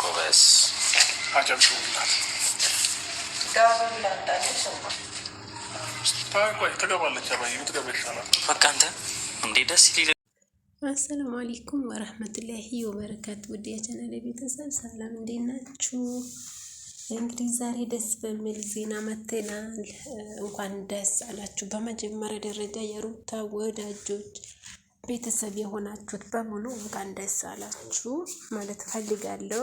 ጎበዝ አጨብጭቡላት። አሰላሙ አለይኩም ወረህመቱላሂ ወበረካቱ። ውድ የቻናሌ ቤተሰብ ሰላም እንዴት ናችሁ? እንግዲህ ዛሬ ደስ በሚል ዜና መጥተናል። እንኳን ደስ አላችሁ። በመጀመሪያ ደረጃ የሩታ ወዳጆች ቤተሰብ የሆናችሁት በሙሉ እንኳን ደስ አላችሁ ማለት ፈልጋለሁ።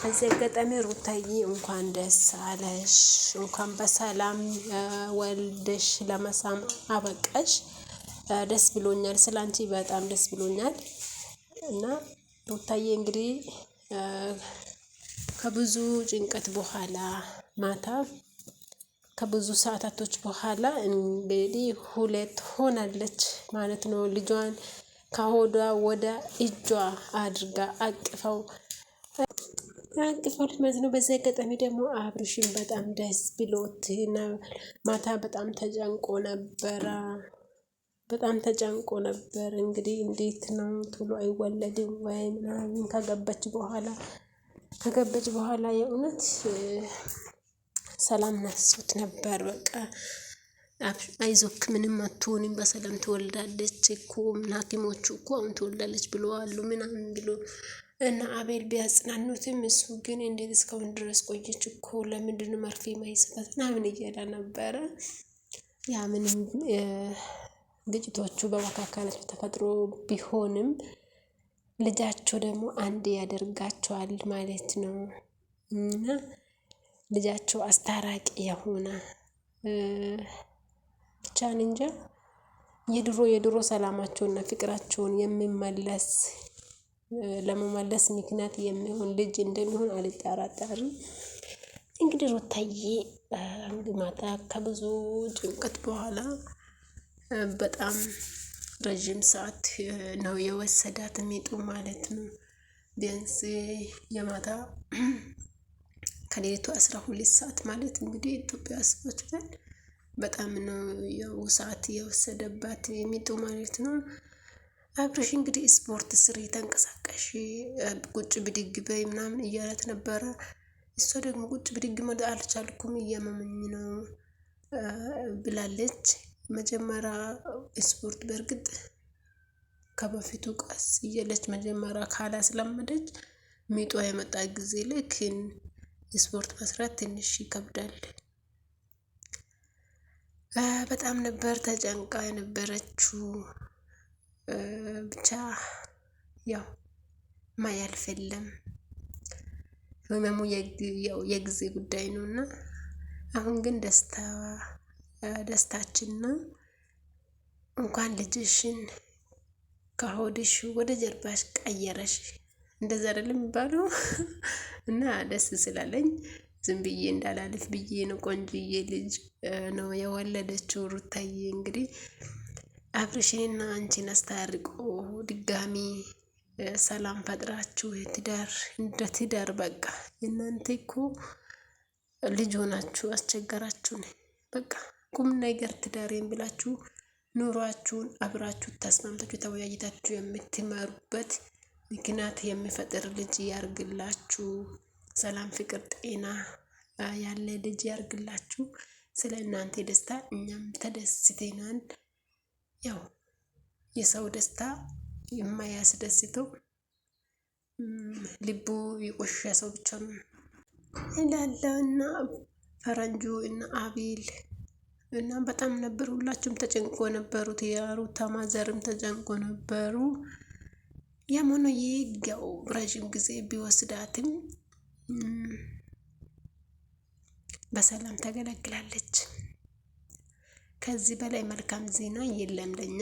ከዚህ አጋጣሚ ሩታዬ እንኳን ደስ አለሽ፣ እንኳን በሰላም ወልደሽ ለመሳም አበቃሽ። ደስ ብሎኛል፣ ስለ አንቺ በጣም ደስ ብሎኛል። እና ሩታዬ እንግዲህ ከብዙ ጭንቀት በኋላ ማታ ከብዙ ሰዓታቶች በኋላ እንግዲህ ሁለት ሆናለች ማለት ነው። ልጇን ከሆዷ ወደ እጇ አድርጋ አቅፈው አቅፈው ማለት ነው። በዚህ አጋጣሚ ደግሞ አብርሽን በጣም ደስ ብሎት ማታ በጣም ተጨንቆ ነበረ። በጣም ተጨንቆ ነበር። እንግዲህ እንዴት ነው ቶሎ አይወለድም ወይ ምናምን ከገባች በኋላ ከገባች በኋላ የእውነት ሰላም ነስቶት ነበር። በቃ አይዞክ ምንም አትሆንም፣ በሰላም ትወልዳለች እኮ ሐኪሞቹ እኮ አሁን ትወልዳለች ብለዋሉ ምናምን ብሎ እና አቤል ቢያጽናኑትም እሱ ግን እንዴት እስካሁን ድረስ ቆየች እኮ ለምንድን መርፌ ማይሰጣት ምናምን እያለ ነበረ። ያ ምንም ግጭቶቹ በመካከላቸው ተፈጥሮ ቢሆንም ልጃቸው ደግሞ አንድ ያደርጋቸዋል ማለት ነው እና ልጃቸው አስታራቂ የሆነ ብቻን እንጃ የድሮ የድሮ ሰላማቸውና ፍቅራቸውን የሚመለስ ለመመለስ ምክንያት የሚሆን ልጅ እንደሚሆን አልጠራጠርም። እንግዲህ ሩታዬ ማታ ከብዙ ጭንቀት በኋላ በጣም ረዥም ሰዓት ነው የወሰዳት ምጡ ማለት ነው። ቢያንስ የማታ ከሌሊቱ አስራ ሁለት ሰዓት ማለት እንግዲህ ኢትዮጵያ አስቦችታል። በጣም ነው የው ሰዓት የወሰደባት የሚጡ ማለት ነው። አብረሽ እንግዲህ ስፖርት ስሪ፣ ተንቀሳቀሽ፣ ቁጭ ብድግ በይ ምናምን እያለት ነበረ። እሷ ደግሞ ቁጭ ብድግ ማለት አልቻልኩም እያመመኝ ነው ብላለች። መጀመሪያ ስፖርት በእርግጥ ከበፊቱ ቀስ እያለች መጀመሪያ ካላስለመደች ሚጧ የመጣ ጊዜ ልክ ስፖርት መስራት ትንሽ ይከብዳል። በጣም ነበር ተጨንቃ የነበረችው። ብቻ ያው ማያልፍ የለም ህመሙ የጊዜ ጉዳይ ነው እና አሁን ግን ደስታ ደስታችን ነው። እንኳን ልጅሽን ከሆድሽ ወደ ጀርባሽ ቀየረሽ እንደዛ አይደለም የሚባለው እና ደስ ስላለኝ ዝም ብዬ እንዳላልፍ ብዬ ነው። ቆንጆዬ ልጅ ነው የወለደችው ሩታዬ። እንግዲህ አብርሽንና አንቺን አስታርቆ ድጋሚ ሰላም ፈጥራችሁ ትዳር እንደ ትዳር በቃ እናንተ እኮ ልጅ ሆናችሁ አስቸገራችሁን። በቃ ቁም ነገር ትዳሬን ብላችሁ ኑሯችሁን አብራችሁ ተስማምታችሁ ተወያይታችሁ የምትመሩበት ምክንያት የሚፈጥር ልጅ ያርግላችሁ። ሰላም፣ ፍቅር፣ ጤና ያለ ልጅ ያርግላችሁ። ስለ እናንተ ደስታ እኛም ተደስቴናል ያው የሰው ደስታ የማያስደስተው ልቡ የቆሸሸ ሰው ብቻ ነው ይላለው እና ፈረንጁ እና አቤል እና በጣም ነበር ሁላችሁም ተጨንቆ ነበሩት። የሩታ ማዘርም ተጨንቆ ነበሩ። ያም ሆኖ ይገው ረዥም ጊዜ ቢወስዳትም በሰላም ተገለግላለች። ከዚህ በላይ መልካም ዜና የለም ለኛ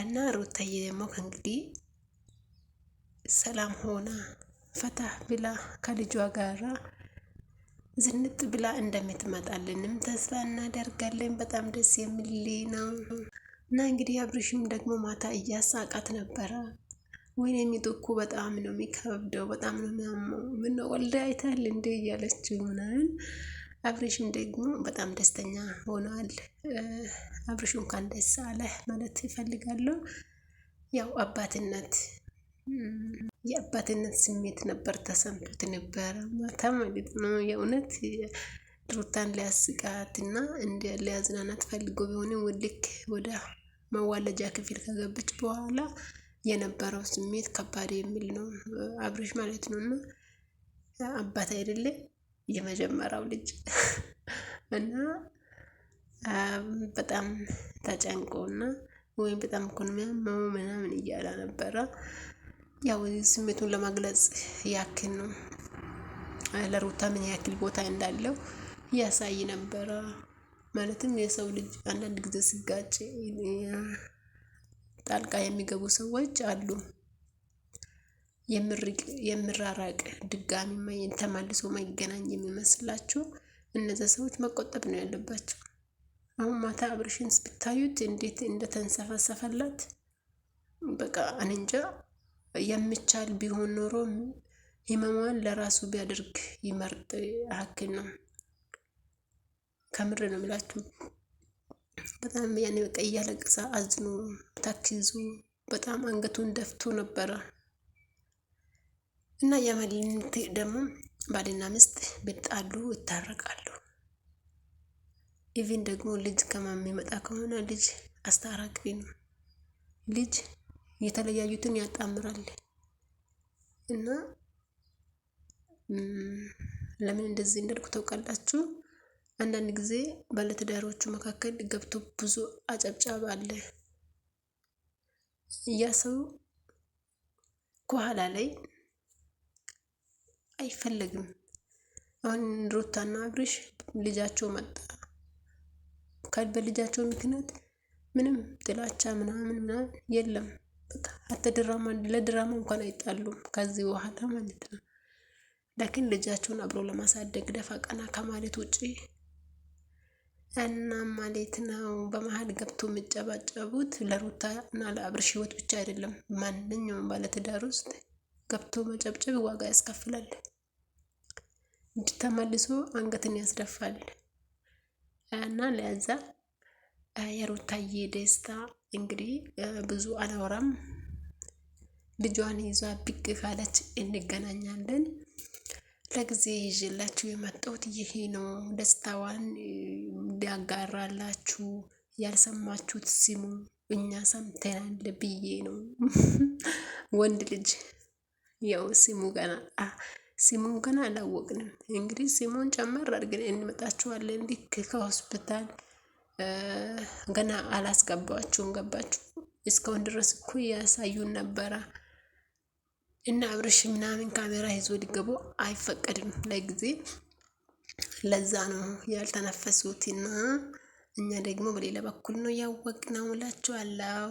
እና ሩታዬ ደግሞ ከእንግዲህ ሰላም ሆና ፈታ ብላ ከልጇ ጋራ ዝንጥ ብላ እንደምትመጣልንም ተስፋ እናደርጋለን። በጣም ደስ የሚል ነው። እና እንግዲህ አብርሽም ደግሞ ማታ እያሳቃት ነበረ። ወይኔ የሚጥኩ በጣም ነው የሚከብደው፣ በጣም ነው የሚያመው፣ ምነው ወልደ አይታል እንዴ እያለችው ምናምን። አብርሽም ደግሞ በጣም ደስተኛ ሆኗል። አብርሽ እንኳን ደስ አለህ ማለት ይፈልጋለሁ። ያው አባትነት የአባትነት ስሜት ነበር ተሰምቶት ነበረ ማታ ማለት ነው የእውነት ሩታን ሊያስቃት እና እንደ ሊያዝናናት ፈልጎ ቢሆንም ውልክ ወደ መዋለጃ ክፍል ከገባች በኋላ የነበረው ስሜት ከባድ የሚል ነው አብርሽ ማለት ነው። እና አባት አይደለም የመጀመሪያው ልጅ እና በጣም ተጨንቆ እና ወይም በጣም ኢኮኖሚ ያመመው ምናምን እያለ ነበረ። ያው ስሜቱን ለመግለጽ ያክል ነው ለሩታ ምን ያክል ቦታ እንዳለው ያሳይ ነበረ። ማለትም የሰው ልጅ አንዳንድ ጊዜ ሲጋጭ ጣልቃ የሚገቡ ሰዎች አሉ። የምራራቅ ድጋሚ ተማልሶ ማይገናኝ የሚመስላችሁ እነዚያ ሰዎች መቆጠብ ነው ያለባቸው። አሁን ማታ አብርሽን ብታዩት እንዴት እንደተንሰፈሰፈላት በቃ እንጃ። የሚቻል ቢሆን ኖሮ ህመሟን ለራሱ ቢያደርግ ይመርጥ ያክል ነው። ከምር ነው ምላችሁ። በጣም ያኔ በቃ እያለቀሰ አዝኖ ይዞ በጣም አንገቱን ደፍቶ ነበረ እና የመሊት ደግሞ ባልና ሚስት ቢጣሉ ይታረቃሉ። ኢቪን ደግሞ ልጅ የሚመጣ ከሆነ ልጅ አስታራቂ ነው። ልጅ የተለያዩትን ያጣምራል እና ለምን እንደዚህ እንዳልኩ ታውቃላችሁ? አንዳንድ ጊዜ ባለትዳሮቹ መካከል ገብቶ ብዙ አጨብጫብ አለ። ያ ሰው ከኋላ ላይ አይፈለግም። አሁን ሩታና አብርሽ ልጃቸው መጣ ካል በልጃቸው ምክንያት ምንም ጥላቻ ምናምን ምናምን የለም። አተ ድራማ ለድራማ እንኳን አይጣሉም ከዚህ በኋላ ማለት ነው። ላኪን ልጃቸውን አብሮ ለማሳደግ ደፋ ቀና ከማለት ውጪ እና ማለት ነው በመሀል ገብቶ የሚጨባጨቡት ለሩታ እና ለአብርሽ ህይወት ብቻ አይደለም። ማንኛውም ባለትዳር ውስጥ ገብቶ መጨብጨብ ዋጋ ያስከፍላል እንጂ ተመልሶ አንገትን ያስደፋል። እና ለዛ የሩታዬ ደስታ እንግዲህ ብዙ አላወራም። ልጇን ይዛ ብቅ ካለች እንገናኛለን። ለጊዜ ይዤላችሁ የመጣሁት ይሄ ነው። ደስታዋን እንዲያጋራላችሁ ያልሰማችሁት ሲሙ እኛ ሰምተናል ብዬ ነው። ወንድ ልጅ ያው ሲሙ ገና ሲሙን ገና አላወቅንም። እንግዲህ ሲሙን ጨመር አድርገን እንመጣችኋለን። ልክ ከሆስፒታል ገና አላስገባችሁም ገባችሁ። እስካሁን ድረስ እኮ ያሳዩን ነበረ። እና አብርሽ ምናምን ካሜራ ይዞ ሊገቡ አይፈቀድም ለጊዜ ለዛ ነው ያልተነፈሱት እና እኛ ደግሞ በሌላ በኩል ነው ያወቅ ነው እላችኋለሁ።